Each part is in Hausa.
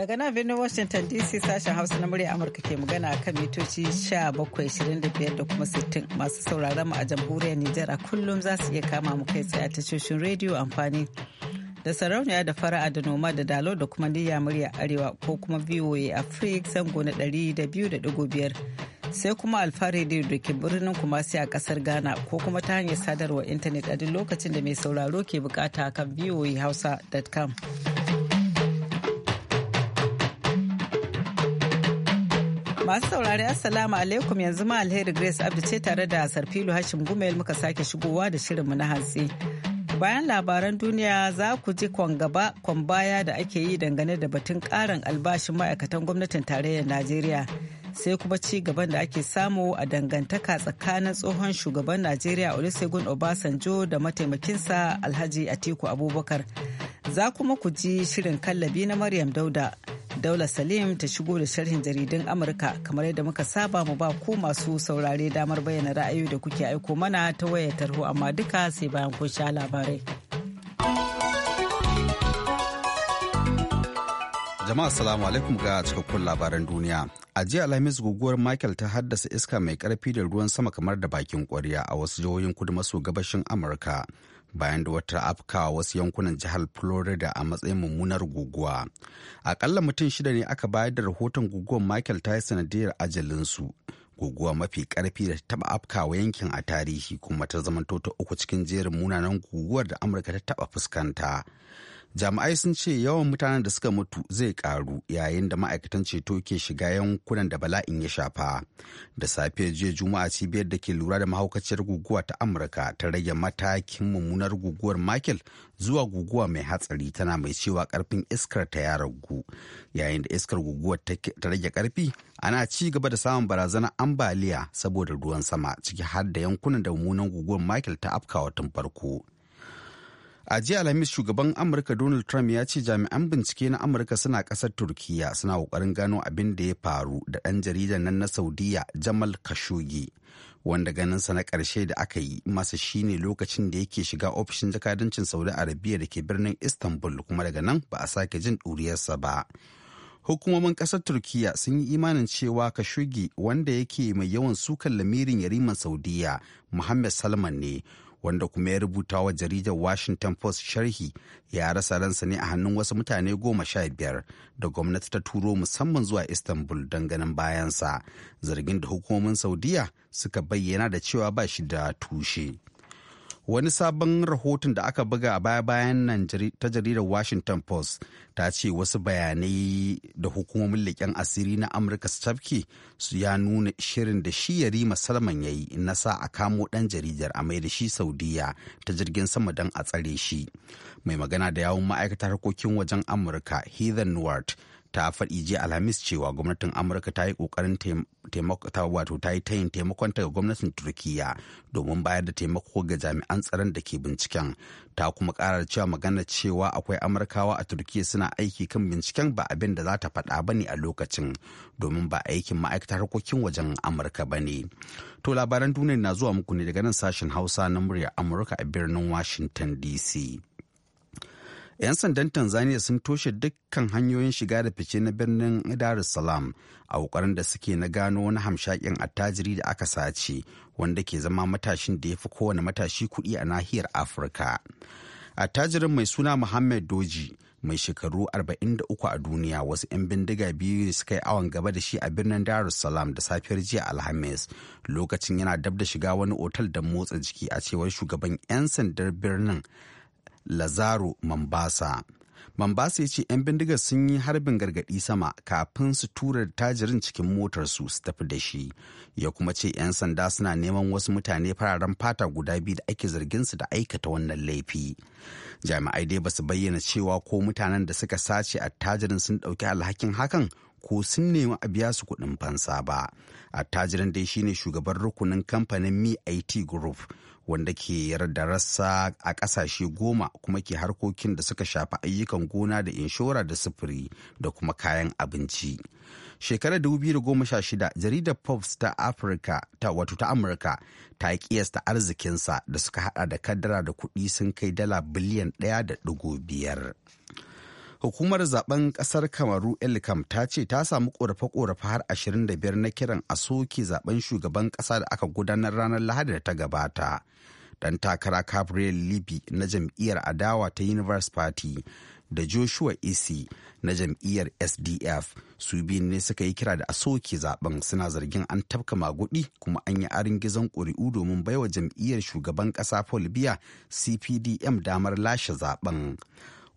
Daga nan birnin Washington DC sashen Hausa na murya Amurka ke magana kan mitoci 1725 da kuma 60 masu sauraron mu a jamhuriyar Nijar a kullum za su iya kama mu kai tsaye a tashoshin rediyo amfani da sarauniya da fara'a da noma da dalo da kuma niyya murya arewa ko kuma VOA afrik zango na 200.5 sai kuma alfahari radio da ke birnin kumasi a kasar ghana ko kuma ta hanyar sadarwar intanet a duk lokacin da mai sauraro ke bukata kan voa hausa.com Masu saurari Assalamu alaikum yanzu ma alheri Grace Abdu ce tare da Sarfilu Hashim Gumel muka sake shigowa da shirinmu na hantsi. Bayan labaran duniya za ku ji kwan gaba kwan baya da ake yi dangane da batun karin albashin ma'aikatan gwamnatin tarayyar Najeriya. Sai kuma ci gaban da ake samu a dangantaka tsakanin tsohon shugaban Najeriya Olusegun Obasanjo da mataimakinsa Alhaji Atiku Abubakar. Za kuma ku ji shirin kallabi na Maryam Dauda. Daula Salim ta shigo da sharhin jaridun Amurka kamar yadda muka saba mu ba ku masu saurare damar bayyana ra'ayoyi da kuke aiko mana ta wayar tarho amma duka sai bayan kun sha labarai. Jama'a salamu alaikum ga cikakkun labaran duniya. A jiya Alhamis guguwar Michael ta haddasa iska mai karfi da ruwan sama kamar da bakin kwarya a wasu jihohin kudu maso gabashin Amurka bayan da wata afkawa wasu yankunan jihar florida a matsayin mummunar guguwa akalla mutum shida ne aka bayar da rahoton guguwar michael ta yi sanadiyar ajalinsu guguwa mafi karfi da taba afkawa yankin a tarihi kuma ta zamanto ta uku cikin jerin munanan guguwar da amurka ta taba fuskanta jami'ai sun ce yawan mutanen da suka mutu zai karu yayin da ma'aikatan ceto ke shiga yankunan da bala'in ya shafa da safe jiya juma'a cibiyar da ke lura da mahaukaciyar guguwa ta amurka ta rage matakin mummunar guguwar michael zuwa guguwa mai hatsari tana mai cewa karfin iskar ta ya ragu yayin da iskar guguwar ta rage karfi ana ci gaba da samun barazanar ambaliya saboda ruwan sama ciki har da yankunan da mummunan guguwar michael ta afkawa tun farko a jiya alhamis shugaban amurka donald trump ya ce jami'an bincike na amurka suna kasar turkiya suna kokarin gano abin da ya faru da ɗan jaridan nan na saudiya jamal khashoggi wanda ganinsa na ƙarshe da aka yi masa shine lokacin da yake shiga ofishin jakadancin saudi arabiya da ke birnin istanbul kuma daga nan ba a sake jin ɗuriyarsa ba hukumomin ƙasar turkiya sun yi imanin cewa kashugi wanda yake mai yawan sukan lamirin yariman saudiya muhammad salman ne wanda kuma ya rubuta wa jaridar washington post sharhi ya rasa ransa ne a hannun wasu mutane goma sha biyar da gwamnati ta turo musamman zuwa istanbul don ganin bayansa zargin da hukumomin saudiya suka bayyana da cewa ba shi da tushe wani sabon rahoton da aka buga baya-bayan nan ta jaridar washington post ta ce wasu bayanai da hukumomin leƙen asiri na amurka su tafke su ya nuna shirin da shi yarima salman ya yi na sa a kamo ɗan jaridar a da shi saudiya ta jirgin sama don a tsare shi mai magana da yawun ma'aikatar harkokin wajen amurka heather newart ta faɗi jiya alhamis cewa gwamnatin amurka ta yi ƙoƙarin wato ta yi tayin taimakon ta ga gwamnatin turkiya domin bayar da taimako ga jami'an tsaron da ke binciken ta kuma ƙara cewa magana cewa akwai amurkawa a turkiya suna aiki kan binciken ba abin da za ta faɗa ba ne a lokacin domin ba aikin ma'aikatar harkokin wajen amurka ba ne to labaran duniya na zuwa muku ne daga nan sashen hausa na murya amurka a birnin washington dc 'Yan sandan Tanzania sun toshe dukkan hanyoyin shiga da fice na birnin Dar es Salaam a ƙoƙarin da suke na gano wani hamshakin attajiri da aka sace wanda ke zama matashin da ya fi kowane matashi kuɗi a nahiyar Afirka. Attajirin mai suna Muhammad Doji mai shekaru 43 a duniya wasu 'yan bindiga biyu suka yi awon gaba da shi a birnin Dar es Salaam da safiyar jiya Alhamis lokacin yana dab da shiga wani otal da motsa jiki a cewar shugaban 'yan sandar birnin lazaro mambasa mambasa ya ce 'yan bindigar sun yi harbin gargaɗi sama kafin su tura tajirin cikin motarsu su tafi da shi ya kuma ce 'yan sanda suna neman wasu mutane fararen fata guda biyu da ake zargin su da aikata wannan laifi jami'ai dai ba su bayyana cewa ko mutanen da suka sace a tajirin sun ɗauki alhakin hakan ko sun nemi a biya su kuɗin fansa ba a tajirin dai shine shugaban rukunin kamfanin mit group wanda ke da rassa a ƙasashe goma kuma ke harkokin da suka shafi ayyukan gona da inshora da sufuri da kuma kayan abinci. Shekarar 2016 jaridar Forbes ta Afirka ta wato ta Amurka ta kiyasta arzikinsa da suka hada da kadara da kuɗi sun kai dala biliyan 1.5. Hukumar zaben kasar Kamaru Elkam ta ce ta samu korafe-korafe har 25 na kiran a soke zaben shugaban kasa da aka gudanar ranar Lahadi da ta gabata. Dan takara Gabriel Libby na jam'iyyar adawa ta Universe Party da Joshua Isi na jam'iyyar SDF su biyu ne suka yi kira da a soke zaben suna zargin an tafka magudi kuma an yi arin gizon ƙuri'u domin baiwa jam'iyyar shugaban ƙasa Paul Biya CPDM damar lashe zaben.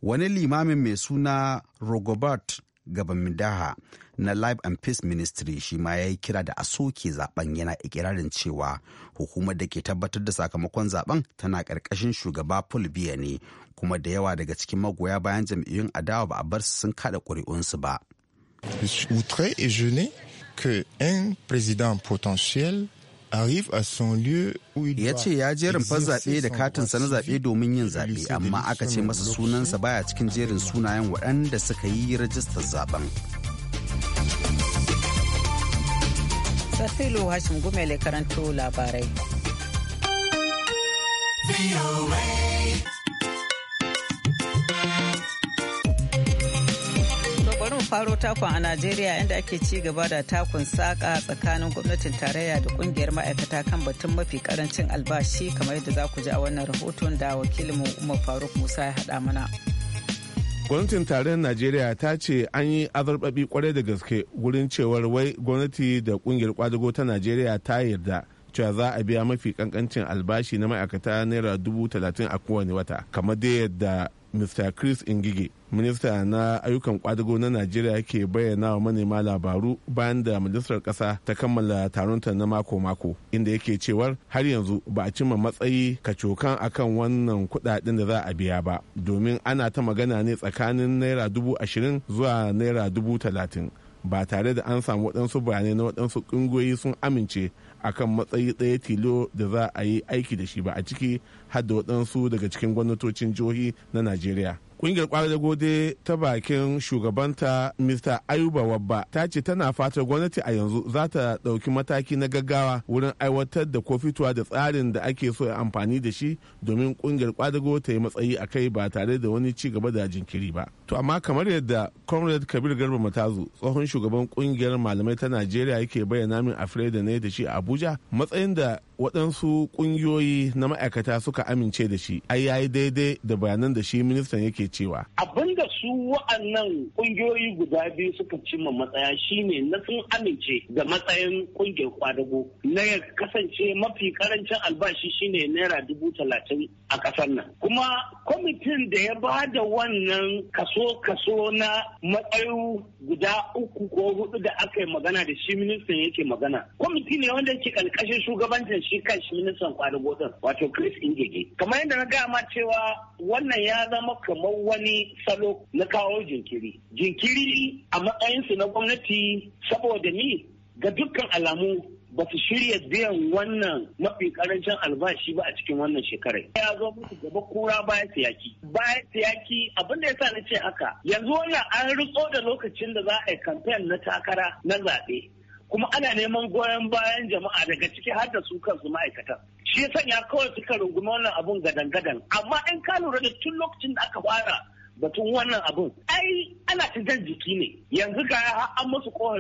wani limamin mai suna Rogobert Gabamidaha na Life and Peace Ministry shi ma ya yi kira da a soke zaben yana ikirarin cewa hukumar da ke tabbatar da sakamakon zaben tana ƙarƙashin shugaba Paul Biya ne kuma da yawa daga cikin magoya bayan jam'iyyun adawa ba a bar su sun kada ƙuri'unsu ba. outré et jeûné que un président potentiel ya ce ya jerin zaɓe da katinsa na zaɓe domin yin zaɓe amma aka ce masa sunansa baya cikin jerin sunayen waɗanda suka yi rajistar zaben. Safilu Hashim Gumele karanto labarai. faro takon a Najeriya inda ake ci gaba da takun saka tsakanin gwamnatin tarayya da kungiyar ma'aikata kan batun mafi karancin albashi kamar yadda za ku ji a wannan rahoton da wakilinmu Umar Faruk Musa ya haɗa mana. gwamnatin tarayyar najeriya ta ce an yi azarbabi kwarai da gaske wurin cewar wai gwamnati da kungiyar kwadago ta najeriya ta yarda cewa za a biya mafi kankancin albashi na ma'aikata naira dubu talatin a kowane wata kamar dai yadda mr chris ingige minista na ayyukan kwadago na najeriya ke bayyana wa manema labaru bayan da majalisar kasa ta kammala taronta na mako-mako inda yake cewar har yanzu ba a cimma matsayi kacokan akan wannan kudaden da za a biya ba domin ana ta magana ne tsakanin naira dubu ashirin zuwa naira dubu talatin ba tare da an samu waɗansu bayanai na waɗansu ƙungiyoyi sun amince akan matsayi ɗaya tilo da za a yi aiki da shi ba a ciki har da waɗansu daga cikin gwamnatocin jihohi na najeriya Kungiyar kwadago dai ta bakin shugabanta Mr. Ayuba Wabba ta ce tana fatar gwamnati a yanzu za ta ɗauki mataki na gaggawa wurin aiwatar da ko fitowa da tsarin da ake so ya amfani da shi domin kungiyar kwadago ta yi matsayi a kai ba tare da wani ci gaba da jinkiri ba. To amma kamar yadda Comrade Kabir Garba Matazu tsohon shugaban kungiyar malamai ta Najeriya yake bayyana min a ne da shi a Abuja matsayin da waɗansu ƙungiyoyi na ma'aikata suka amince da shi ai yayi daidai da bayanan da shi ministan yake cewa abin da su wa'annan ƙungiyoyi guda biyu suka cimma matsaya shine na sun amince da matsayin ƙungiyar kwadago na ya kasance mafi karancin albashi shine naira dubu talatin a ƙasar nan kuma kwamitin da ya ba da wannan kaso kaso na matsayi guda uku ko hudu da aka yi magana da shi ministan yake magana kwamiti ne wanda yake ƙarƙashin shugabancin shi kan shi ministan kwadugo din wato Chris Ingege kamar yadda na gama cewa wannan ya zama kamar wani salo na kawo jinkiri jinkiri a matsayinsu na gwamnati saboda ni ga dukkan alamu ba su shirya biyan wannan mafi karancin albashi ba a cikin wannan shekarar. Ya zo musu gaba kura bayan siyaki. Bayan siyaki abin da ya sa na ce haka yanzu wannan an riko da lokacin da za a yi kamfen na takara na zaɓe. kuma ana neman goyon bayan jama'a daga ciki har da su kansu ma'aikatan shi ya sanya kawai suka rungumi wannan abun gadan-gadan amma in ka lura da tun lokacin da aka fara batun wannan abun ai ana ta jan jiki ne yanzu ga an musu ko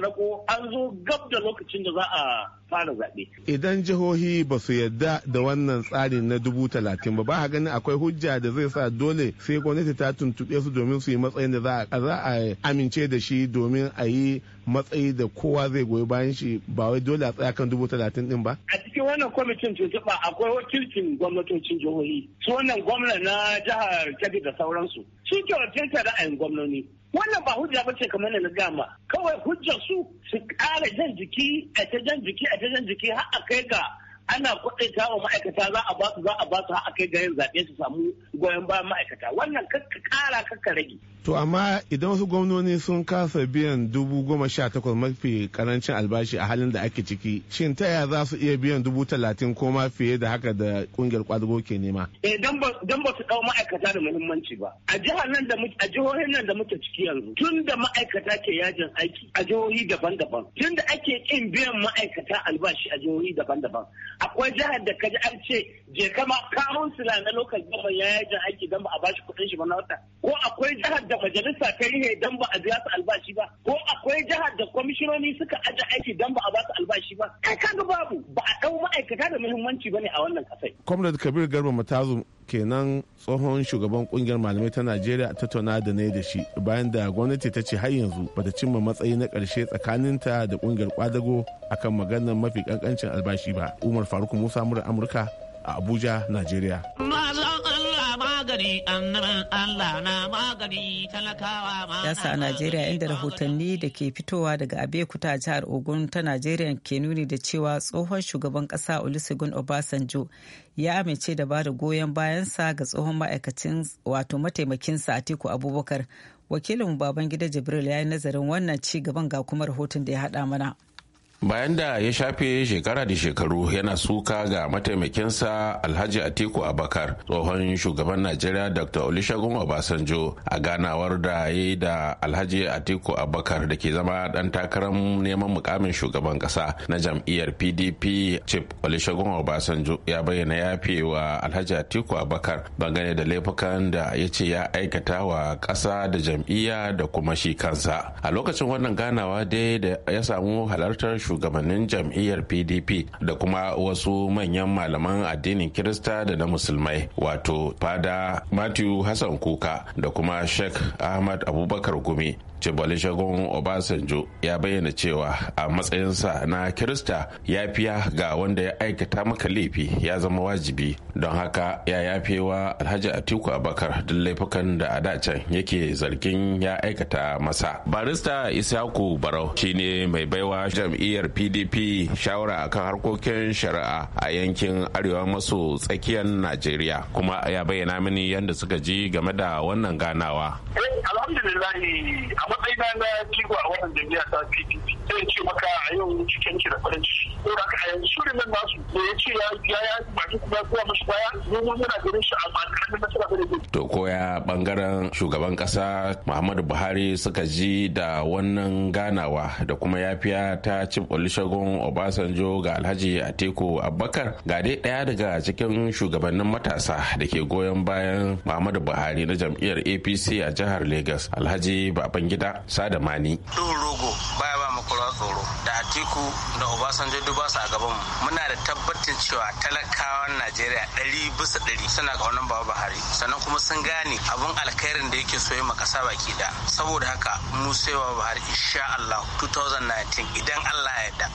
an zo gab da lokacin da za a fara zaɓe. Idan jihohi ba su yarda da wannan tsari na dubu talatin ba ba ganin akwai hujja da zai sa dole sai gwamnati ta tuntuɓe su domin su yi matsayin da za a amince da shi domin a yi matsayi da kowa zai goyi bayan shi ba wai dole a tsaya kan dubu talatin din ba? A cikin wannan kwamitin tuntuɓa akwai wakilcin gwamnatocin jihohi su wannan gwamna na jihar Kebbi da sauransu. Shi ke wakilta ra'ayin gwamnoni. wannan ba hujja bace kamar na gama kawai hujjar su su ƙara jan jiki a ta jan jiki a ta jan jiki har a kai ga ana kwaɗaita wa ma'aikata za a ba za a basu a kai ga yin zaɓe su samu goyon bayan ma'aikata wannan kakka ƙara kakka rage. To amma idan wasu gwamnoni sun kasa biyan dubu goma sha takwas mafi karancin albashi a halin da ake ciki shin ta yaya za su iya biyan dubu talatin ko ma fiye da haka da kungiyar kwadugo ke nema? Eh dan ba su ɗau ma'aikata da muhimmanci ba. A jihar nan da a jihohin nan da muke ciki yanzu tun da ma'aikata ke yajin aiki a jihohi daban-daban tun da ake ƙin biyan ma'aikata albashi a jihohi daban-daban akwai jihar da kaji an ce je kama karun sila na lokacin gaba ya yajin aiki don ba a bashi kudin shi ba na wata ko akwai jihar da majalisa ta rihe don ba a biya su albashi ba ko akwai jihar da kwamishinoni suka aji aiki don ba a ba su albashi ba kai kaga babu ba a ɗau ma'aikata da muhimmanci ba ne a wannan kasai. Comrade Kabir Garba Matazu kenan tsohon shugaban kungiyar malamai ta najeriya ta tona da ne da shi bayan da gwamnati ta ce har yanzu bata cimma matsayi na ƙarshe tsakaninta da kungiyar kwadago akan maganar mafi kankancin albashi ba umar faruk musa mura amurka a abuja najeriya magani annaban magani talakawa yasa a Najeriya inda rahotanni da ke fitowa daga Abeokuta a jihar Ogun ta Najeriya ke nuni da cewa tsohon shugaban kasa Olusegun Obasanjo ya amince da ba da goyon bayansa ga tsohon ma'aikacin wato mataimakin sa Atiku Abubakar wakilin babangida Jibril ya yi nazarin wannan ci gaban ga kuma rahoton da ya haɗa mana. bayan da ya shafe shekara da shekaru yana suka ga mataimakinsa alhaji atiku abakar tsohon shugaban najeriya dr olusegun obasanjo a ganawar da ya yi da alhaji atiku abakar da ke zama dan takarar neman mukamin shugaban kasa na jam'iyyar pdp chip olusegun obasanjo ya bayyana ya fi wa alhaji atiku abakar dangane da laifukan da ya ce ya aikata wa kasa da jam'iyya da kuma shi kansa a lokacin wannan ganawa dai da ya samu halartar shugabannin jam'iyyar pdp da kuma wasu manyan malaman addinin kirista da na musulmai wato fada matthew hassan kuka da kuma sheikh ahmad abubakar gumi shagon Obasanjo ya bayyana cewa a matsayinsa na Kirista ya fiya ga wanda ya aikata maka laifi ya zama wajibi don haka ya yafewa Alhaji Atiku Abakar duk laifukan da a dacen yake zargin ya aikata masa. Barista Isaku Barau shine mai baiwa jam'iyyar PDP shawara kan harkokin shari'a a yankin Arewa maso tsakiyar Najeriya kuma ya bayyana mini yadda suka ji game da wannan ganawa. Eh, alhamdulillah matsayi na na kiwa a wannan jami'a ta PPP zai ce maka a yau cikin ki da farin ciki ko da ka yanzu shirin nan nasu da ya ce ya ya ba duk ba zuwa mashi baya domin yana ganin shi a makarantar nasara da ne. to koya bangaren shugaban kasa muhammadu buhari suka ji da wannan ganawa da kuma yafiya ta cin olusegun obasanjo ga alhaji atiku abubakar ga dai daya daga cikin shugabannin matasa da ke goyon bayan muhammadu buhari na jam'iyyar apc a jihar lagos alhaji babangida sadamani. rogo baya ba takura tsoro da atiku da obasanjo duba su a gaban muna da tabbacin cewa talakawan najeriya ɗari bisa ɗari suna ga wannan baba buhari sannan kuma sun gane abun alkhairin da yake so ma kasa baki da saboda haka mu sai baba buhari insha allah 2019 idan allah ya da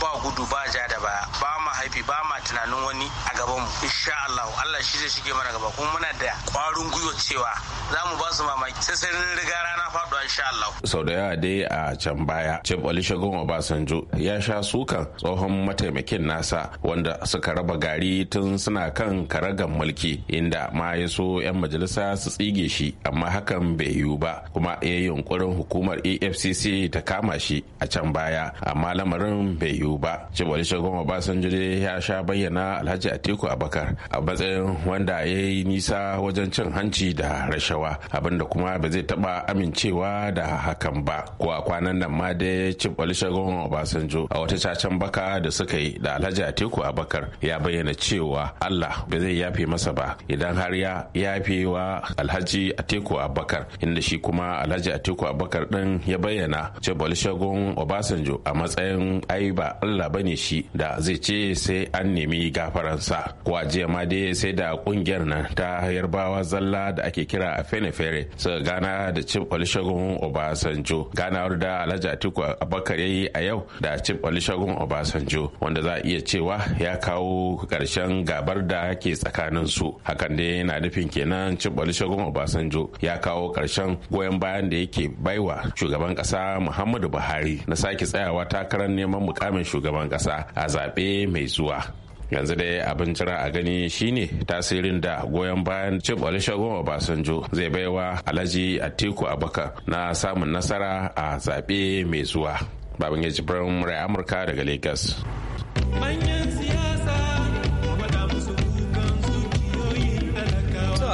ba gudu ba ja da baya ba ma haifi ba ma tunanin wani a gaban mu insha allah allah shi zai shige mana gaba kuma muna da kwarin gwiwa cewa za mu ba su mamaki sai sai riga rana faɗuwa insha allah sau da yawa dai a can baya cin olusegun obasanjo ya sha sukan tsohon mataimakin nasa wanda suka raba gari tun suna kan karagan mulki inda ma ya so 'yan majalisa su tsige shi amma hakan bai yiwu ba kuma ya yi yunkurin hukumar efcc ta kama shi a can baya amma lamarin bai yiwu ba cin basanjo obasanjo ya sha bayyana alhaji atiku abakar a matsayin wanda ya yi nisa wajen cin hanci da rashawa abinda kuma ba zai taba amincewa da hakan ba ko a kwanan nan ma dai olusegun obasanjo a wata cacan baka da suka yi da alhaji atiku abakar ya bayyana cewa allah ba zai yafe masa ba idan har ya yafe wa alhaji atiku abakar inda shi kuma alhaji atiku abakar din ya bayyana ce olusegun obasanjo a matsayin ai ba allah bane shi da zai ce sai an nemi gafaransa ko a jiya ma dai sai da kungiyar nan ta yarbawa zalla da ake kira a fene fere suka gana da cin olusegun obasanjo ganawar da alhaji atiku abakar abubakar ya yi a yau da cin olusegun obasanjo wanda za a iya cewa ya kawo ƙarshen gabar da ke tsakanin su hakan dai yana nufin kenan cin olusegun obasanjo ya kawo ƙarshen goyon bayan da yake baiwa shugaban ƙasa muhammadu buhari na sake tsayawa takarar neman mukamin shugaban ƙasa a zaɓe mai zuwa yanzu dai abin jira a gani shine tasirin da goyon bayan cin olusegun obasanjo zai baiwa alhaji atiku abaka na samun nasara a zaɓe mai zuwa baban ya jibrin murai amurka daga lagos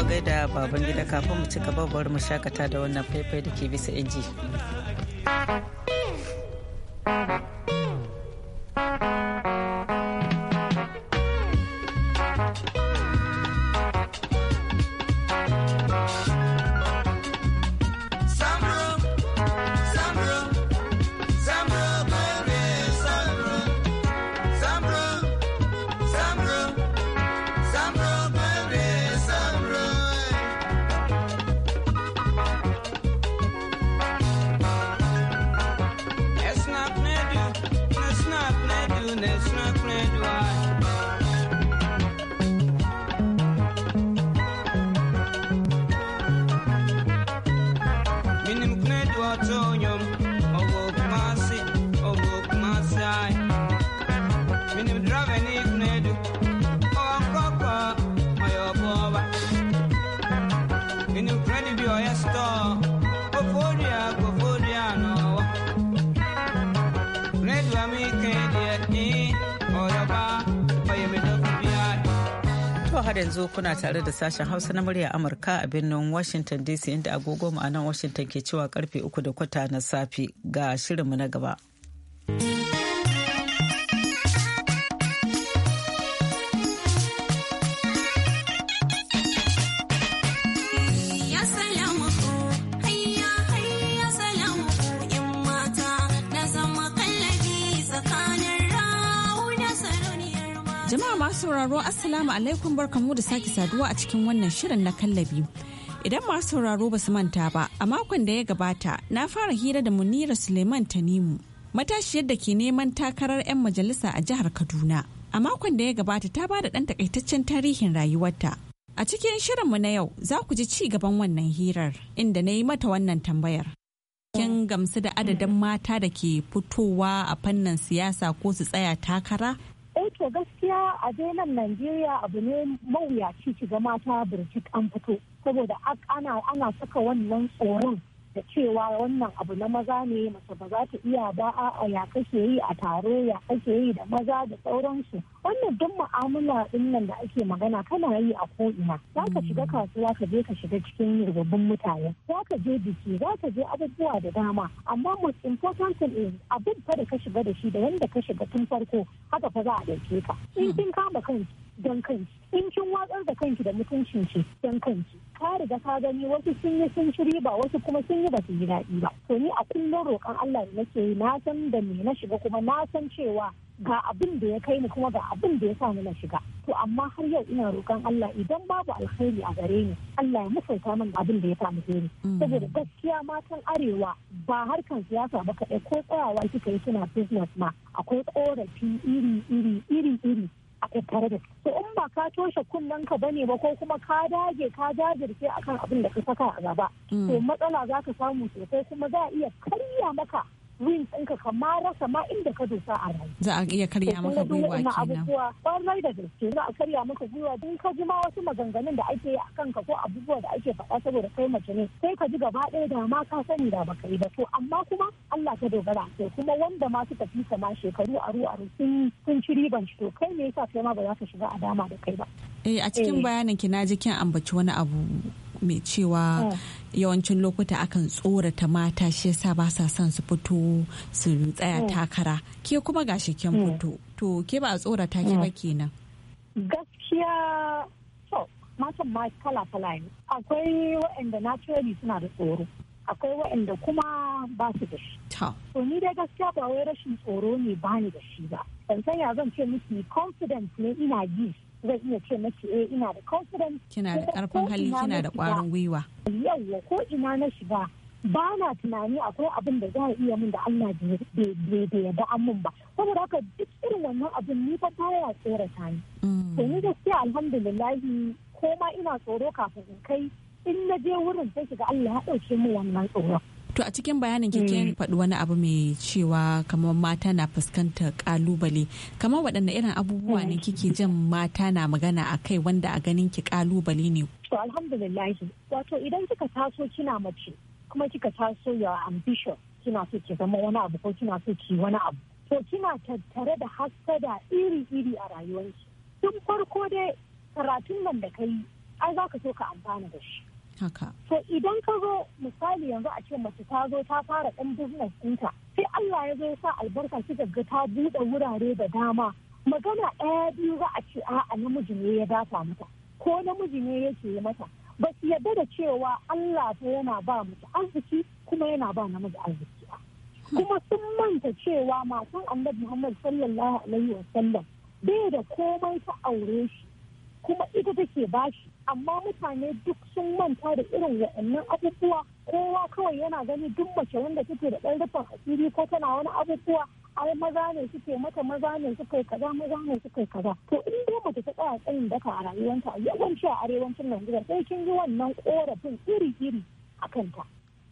gaida baban gida kafin mu ci gaba mu shakata da wannan faifai da ke bisa inji. har yanzu kuna tare da sashen Hausa na murya Amurka a birnin Washington DC inda agogo mu a nan Washington ke cewa karfe uku da kwata na safe ga shirinmu na gaba. sauraro Assalamu alaikum barkanmu da sake saduwa a cikin wannan shirin na kallabi. Idan masu sauraro ba su manta ba, a makon da ya gabata na fara hira da Munira Suleiman Tanimu, matashiyar da ke neman takarar 'yan majalisa a jihar Kaduna. A makon da ya gabata ta ba da ɗan takaitaccen tarihin rayuwarta. A cikin shirin mu na yau za ku ji ci gaban wannan hirar inda na yi mata wannan tambayar. Kin gamsu da adadin mata da ke fitowa a fannin siyasa ko su tsaya takara eh to gaskiya a nan najeriya abu ne mawuyaci shiga mata birkik an fito saboda ana saka wannan tsoron da cewa wannan abu na maza ne mace ba za ta iya ba a ya kake yi a taro ya kake yi da maza da sauransu wannan duk mu'amala din nan da ake magana kana yi a ko'ina za ka shiga kasuwa ka je ka shiga cikin rubabbin mutane za ka je biki za ka je abubuwa da dama amma most important is abin fa da ka shiga da shi da yanda ka shiga tun farko haka fa za a ɗauke ka in kin kama kanki don kanki in kin watsar da kanki da mutuncin ki don kanki ka riga ka gani wasu sun yi sun shiri ba wasu kuma sun yi ba su yi daɗi ba to ni a kullum roƙon Allah da nake yi na san da me na shiga kuma na san cewa ga abin da ya kai ni kuma ga abin da ya sa na shiga to amma har yau ina roƙon Allah idan babu alkhairi a gare ni Allah ya musauta min abin da ya sa ni ni mm. saboda gaskiya matan arewa ba harkan siyasa ba kaɗai ko tsayawa kika yi kina business ma akwai ƙorafi iri iri iri iri a tattare da su in ba ka toshe kunnen ka bane ba ko kuma ka dage ka jajirce akan abin da ka saka a gaba to mm. matsala za ka samu sosai kuma za a iya karya maka win ɗinka ka ma rasa ma inda ka dosa a rayu. Za a iya karya maka gwiwa kenan. abubuwa da gaske za a karya maka gwiwa don ka ji ma wasu maganganun da ake yi a kanka ko abubuwa da ake faɗa saboda kai mace ne sai ka ji gaba ɗaya da ma ka sani da baka yi ba to amma kuma Allah ka dogara to kuma wanda ma suka fi ma shekaru aru aru sun sun ci riban shi to kai ne yasa kai ma ba za ka shiga a dama da kai ba. Eh a cikin eh. bayanin ki na ji kin ambaci wani abu mai cewa eh. yawancin lokuta akan tsorata mata shi yasa ba sa son su fito su tsaya mm. takara ke kuma gashi kin mm. fito to ke ba a tsorata ke ba mm. kenan gaskiya to matan ma kala kala ne akwai waɗanda naturally suna da tsoro akwai waɗanda kuma ba su da shi to ni dai gaskiya ba wai rashin tsoro ne ba ni da shi ba ban san zan ce miki confidence ne ina ji zai iya ce mace eh ina da confidence kina da karfin hali kina da kwarin gwiwa yawwa ko ina na shiga ba na tunani akwai abin da za a iya min da Allah bai yarda an min ba saboda haka duk irin wannan abin ni fa tsere ta ni mm. to ni gaskiya alhamdulillahi ko ma ina tsoro kafin in kai in na je wurin sai shiga Allah ya dauke mu wannan tsoron To a cikin bayanin kike mm. faɗi wani abu mai cewa kamar mata na fuskantar kalubale. Kamar waɗanne irin abubuwa ne mm. kike jin mata na magana a kai wanda a ganin ki kalubale ne? To alhamdulillah wato idan kika taso kina mace kuma kika taso ya ambition kina so ki zama wani abu ko kina so ki wani abu. To kina tattare da hassada iri-iri a rayuwarki. Tun farko dai karatun nan da kai ai za ka so ka amfana da shi. Haka. To idan ka zo misali yanzu a ce mace ta zo ta fara ɗan business ɗinta sai Allah ya zo ya sa albarka shi ga ta buɗe wurare da dama magana ɗaya biyu za a ce a namiji ne ya dafa mata ko namiji ne yake yi mata ba su yarda da cewa Allah ta yana ba mace arziki kuma yana ba namiji arziki kuma sun manta cewa matan annabi Muhammad sallallahu alaihi wa sallam bai da komai ta aure shi kuma ita take bashi amma mutane duk sun manta da irin wa'annan abubuwa kowa kawai yana gani duk mace wanda take da ɗan rufin asiri ko tana wani abubuwa ai maza ne suke mata maza ne suka yi kaza maza ne suka yi kaza to in dai mace ta tsaya tsayin daka a rayuwanta a yawanci a arewacin Najeriya sai kin yi wannan korafin iri-iri a kanta.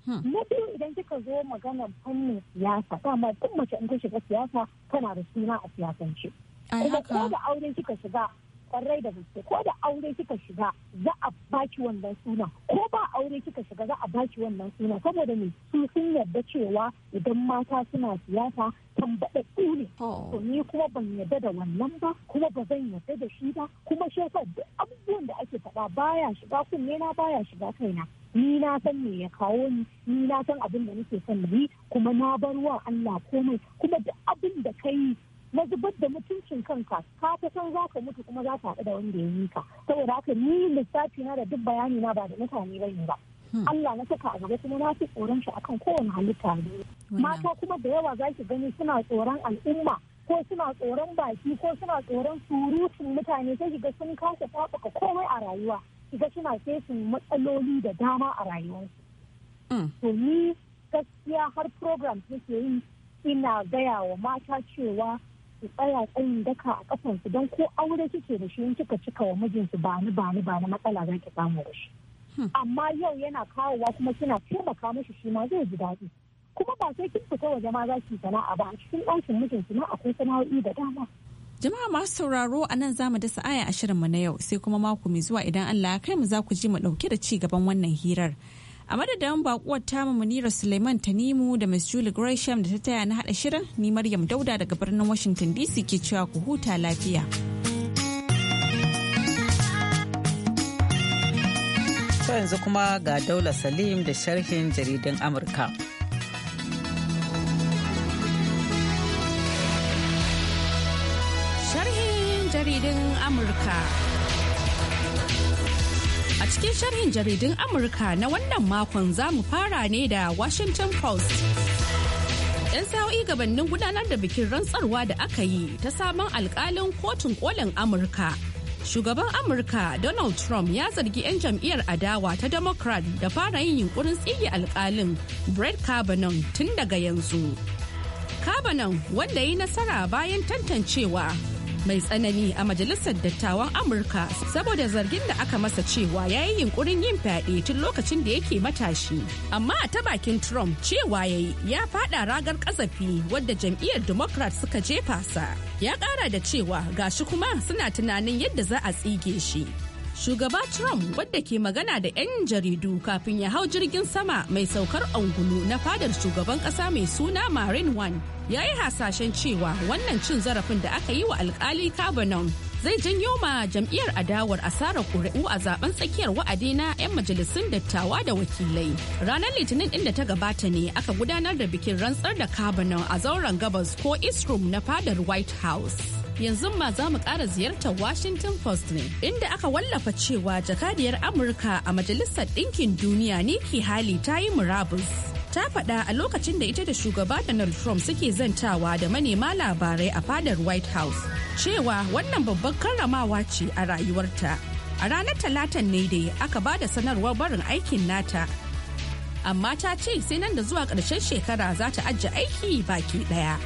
Hmm. Na biyu idan kika zo maganar fannin siyasa dama duk mace in ta shiga siyasa tana da suna a siyasance. idan Ko da aure kika shiga kwarai da gaske ko da aure kika shiga za a baki wannan suna ko ba aure kika shiga za a baki wannan suna saboda ne su sun yarda cewa idan mata suna siyasa tambaɗaɗɗu ne oh. to ni kuma ban yarda da wannan ba kuma ba zan yarda da shi ba kuma shi duk abubuwan da ake faɗa baya shiga kunne na baya shiga kaina ni na san me ya kawo ni ni na san abin da nake son na yi kuma na bar wa Allah komai kuma duk abin da kai na zubar da mutuncin kanka ka ta san za ka mutu kuma za ka haɗu da wanda ya yi ka saboda haka ni lissafi na da duk bayani na ba da mutane ba ba hmm. Allah na saka a gaba kuma na fi tsoron shi akan kowane halitta ne mata kuma da yawa za ki gani suna tsoron al'umma ko suna tsoron baki ko suna tsoron surutun mutane sai ga sun kasa taɓuka komai a rayuwa ga suna fesin matsaloli da dama a rayuwarsu. Hmm. To ni gaskiya har program nake yi ina gaya wa mata cewa su tsaya tsayin daka a kafansu don ko aure kike da shi in kika cika wa mijinsu ba ni ba ni ba ni matsala za ki samu da shi. Hmm. Amma yau yana kawowa kuma kina taimaka mishi shi ma zai ji daɗi. Kuma ba sai kin fita waje ma za ki sana'a ba a cikin ɗakin mijinki ma akwai sana'o'i da dama. Jama'a masu sauraro a nan za mu dasa aya ashirin mu na yau sai kuma mako mai zuwa idan Allah ya kai mu za ku ji mu ɗauke da ci gaban wannan hirar. a madadin bakuwar tamu munira suleiman tanimu da miss julie gresham da ta taya na hada shirin ni maryam dauda daga birnin washington dc ke cewa ku huta lafiya to yanzu kuma ga daula salim da sharhin jaridun amurka sharhin jaridun amurka cikin sharhin jaridun Amurka na wannan makon za mu fara ne da Washington Post. 'Yan sa'o'i gabanin gudanar da bikin rantsarwa da aka yi ta sabon alkalin kotun kolin Amurka. Shugaban Amurka Donald Trump ya zargi 'yan jam'iyyar adawa ta Democrat da fara yin yunkurin tsige alkalin Brett Kavanaugh tun daga yanzu. Kavanaugh wanda ya yi nasara bayan tantancewa mai tsanani a majalisar dattawan Amurka saboda zargin da aka masa cewa ya yi yunkurin yin fyaɗe tun lokacin da yake matashi. Amma a ta bakin Trump cewa ya yi ya faɗa ragar ƙazafi wadda jam'iyyar Democrat suka jefa sa. Ya ƙara da cewa gashi kuma suna tunanin yadda za a tsige shi. shugaba trump wadda ke magana da 'yan jaridu kafin ya hau jirgin sama mai saukar angulu na fadar shugaban kasa mai suna Marin one ya yi hasashen cewa wannan cin zarafin da aka yi wa alkali kavanaugh zai janyo ma jam'iyyar adawar asarar ƙuri'u a zaben tsakiyar wa'adi na 'yan majalisun dattawa da wakilai ranar litinin din da ta gabata ne aka gudanar da bikin rantsar da kavanaugh a zauren gabas ko east na fadar white house yanzu ma za mu ƙara ziyartar Washington Post ne, inda aka wallafa cewa jakadiyar Amurka a Majalisar Ɗinkin Duniya Nikki Hali ta yi murabus. ta faɗa a lokacin da ita da shugaba Donald Trump suke zantawa da manema labarai a fadar White House cewa wannan babban karramawa ce a rayuwarta. A ranar Talatan ne dai aka ba da sanarwar barin aikin nata. Amma ta ce sai nan da zuwa ƙarshen shekara za ta ajiye aiki baki ɗaya.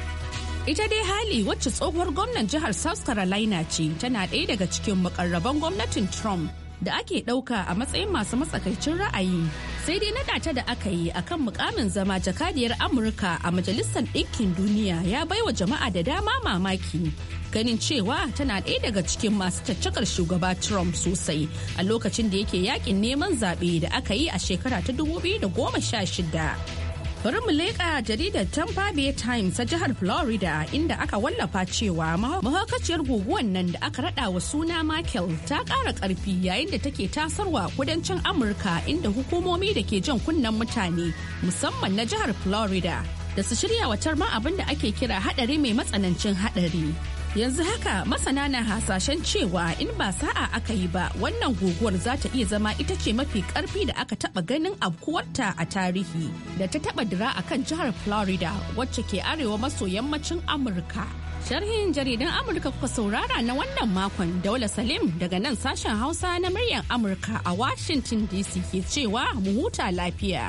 Ita dai hali wacce tsohuwar gwamnan jihar South Carolina ce tana ɗaya daga cikin makarraban gwamnatin Trump da ake ɗauka a matsayin masu matsakaicin ra'ayi. Sai dai naɗa ta da aka yi a kan mukamin zama jakadiyar Amurka a Majalisar Ɗinkin Duniya ya baiwa jama'a da dama mamaki. Ganin cewa tana ɗaya daga cikin masu caccakar shugaba Trump sosai a lokacin da yake yakin neman zaɓe da aka yi a shekara ta 2016. bari mu leƙa jaridar Tampa Bay Times ta jihar Florida inda aka wallafa cewa mahaukaciyar guguwan nan da aka rada wa suna Michael ta ƙara ƙarfi yayin da take tasarwa kudancin Amurka inda hukumomi da ke jan kunnen mutane musamman na jihar Florida da su shirya wa tarma abin da ake kira haɗari mai matsanancin haɗari. yanzu haka masana na hasashen cewa in ba sa'a aka yi ba wannan guguwar za ta iya zama ita ce mafi karfi da aka taba ganin afkuwarta a tarihi da ta taba dira a kan jihar florida wacce ke arewa maso yammacin amurka sharhin jaridan amurka kuka saurara na wannan makon daula salim daga nan sashen hausa na muryar amurka a washington dc ke cewa mu huta lafiya.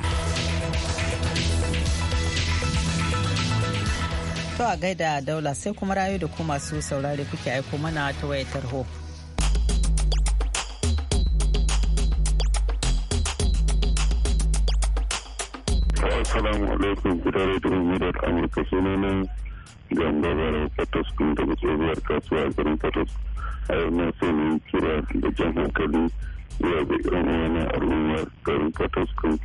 To a gaida daula sai kuma rayu da ku masu saurare kuke aiko mana ta wayar tarho. Assalamu alaikum gidan rediyon Murar Amurka sunanan gambarar Fatoskun daga tsohuwar kasuwa a garin Fatos. A yau na so kira da jan hankali zuwa ga yan wani al'umma garin fataskun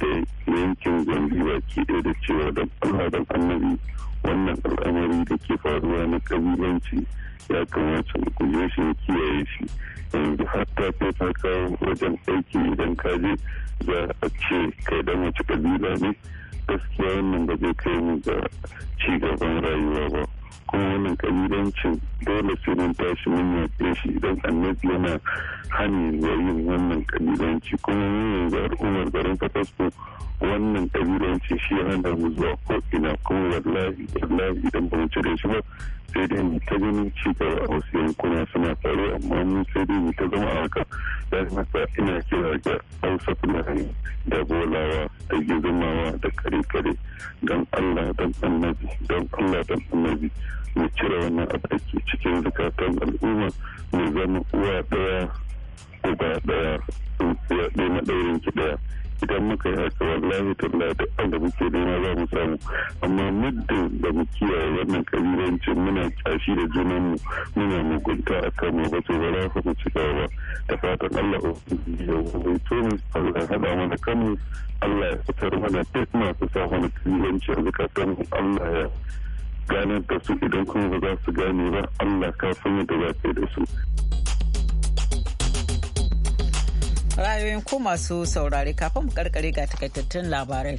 da yankin zambi ke ɗaya da cewa da allah da annabi wannan al'amari da ke faruwa na ƙabilanci ya kamata mu guje shi ya kiyaye shi yanzu hatta kai ta kawo wajen aiki idan ka je za a ce kai da mace ƙabila ne gaskiya wannan ba zai kai mu ga ci gaban rayuwa ba kuma wannan kabilancin dole sai mun tashi mun yaƙe shi idan annabi yana hani ga yin wannan kabilanci kuma mun yanzu al'ummar garin fatasko wannan kabilanci shi hana mu zuwa ko ina kuma wallahi wallahi idan ba mu cire shi ba sai dai mu ta gani ci a wasu yankuna suna faru amma mun sai dai mu ta zama a haka ya kamata ina kira ga hausa fulani da bolawa da gizumawa da kare-kare don allah don annabi don allah don annabi ya cire wannan abu da ke cikin zukatan al'umma ya zama uwa ɗaya uba ɗaya tsintsiya ɗaya ki daya idan muka yi haka wallahi talla da da muke nema za mu samu amma muddin da mu kiyaye wannan kabilancin muna kyashi da mu muna mugunta a kan mu ba to ba za mu ci gaba da fatan Allah ya wuce mu Allah ya hada mana kanmu Allah ya fitar mana duk masu sa mana kabilanci a zakatan Allah ya gana da su idan kuma ba za su gane ba allah ka san yadda za ka yi da su ra'ayoyin ko masu saurari kafin mu karkare ga takaitattun labarai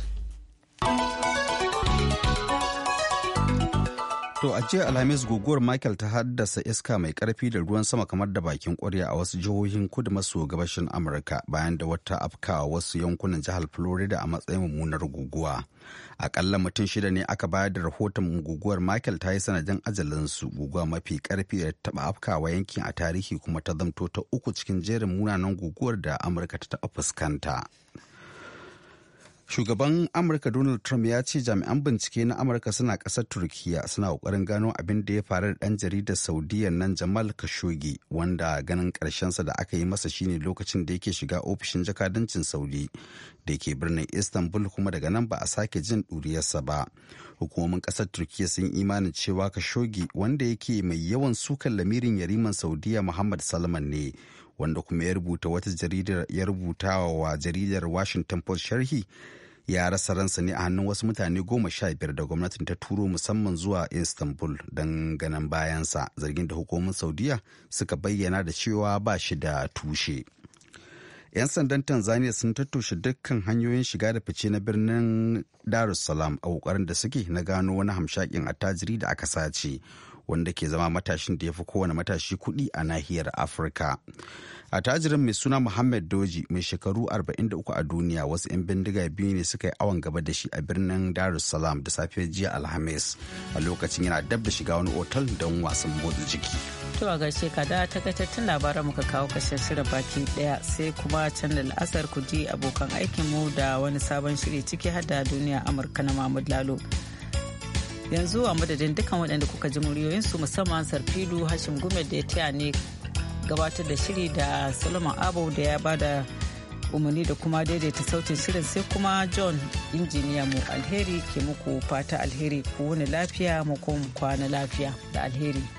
To a jiya Alhamis guguwar Michael ta haddasa iska mai karfi da ruwan sama kamar da bakin kwarya a wasu jihohin kudu maso gabashin Amurka bayan da wata afka wasu yankunan jihar Florida a matsayin mummunar guguwa. Akalla mutum shida ne aka bayar da rahoton guguwar Michael ta yi sanadin ajalinsu guguwa mafi karfi da taba afkawa yankin a tarihi kuma ta zamto ta uku cikin jerin munanan guguwar da Amurka ta taɓa fuskanta. shugaban amurka donald trump ya ce jami'an bincike na amurka suna ƙasar turkiyya suna ƙoƙarin gano abin da ya faru da ɗan jaridar saudiya nan jamal khashoggi wanda ganin ƙarshensa da aka yi masa shine lokacin da yake shiga ofishin jakadancin saudi da ke birnin istanbul kuma daga nan ba a sake jin ɗuriyarsa ba hukumomin ƙasar turkiya sun imanin cewa khashoggi wanda yake mai yawan sukan lamirin yariman saudiya muhammad salman ne wanda kuma ya rubuta wata jaridar ya rubuta wa jaridar washington post sharhi ya rasa ransa ne a hannun wasu mutane goma sha biyar da gwamnatin ta turo musamman zuwa istanbul don ganin bayansa zargin da hukumomin saudiya suka bayyana da cewa ba shi da tushe 'yan sandan tanzania sun tattoshe dukkan hanyoyin shiga da fice na birnin darussalam a kokarin da suke na gano wani hamshakin attajiri da aka sace wanda ke zama matashin da ya fi kowane matashi kuɗi a nahiyar afirka a tajirin mai suna muhammad doji mai shekaru 43 a duniya wasu 'yan bindiga biyu ne suka yi awon gaba da shi a birnin darussalam da safiyar jiya alhamis a lokacin yana dab da shiga wani otal don wasan motsa jiki to a gaishe ka da takaitattun labaran muka kawo kashin shirin baki daya sai kuma can da la'asar ku ji abokan aikinmu da wani sabon shiri ciki har da duniya amurka na mahmud lalo yanzu a madadin dukkan waɗanda kuka ji su musamman sarfilu hashim gume da ya taya ne gabatar da shiri da solomon abu da ya ba da umarni da kuma daidaita sautin shirin sai kuma john injiniya mu alheri ke muku fata alheri ku wani lafiya mu kwana lafiya da alheri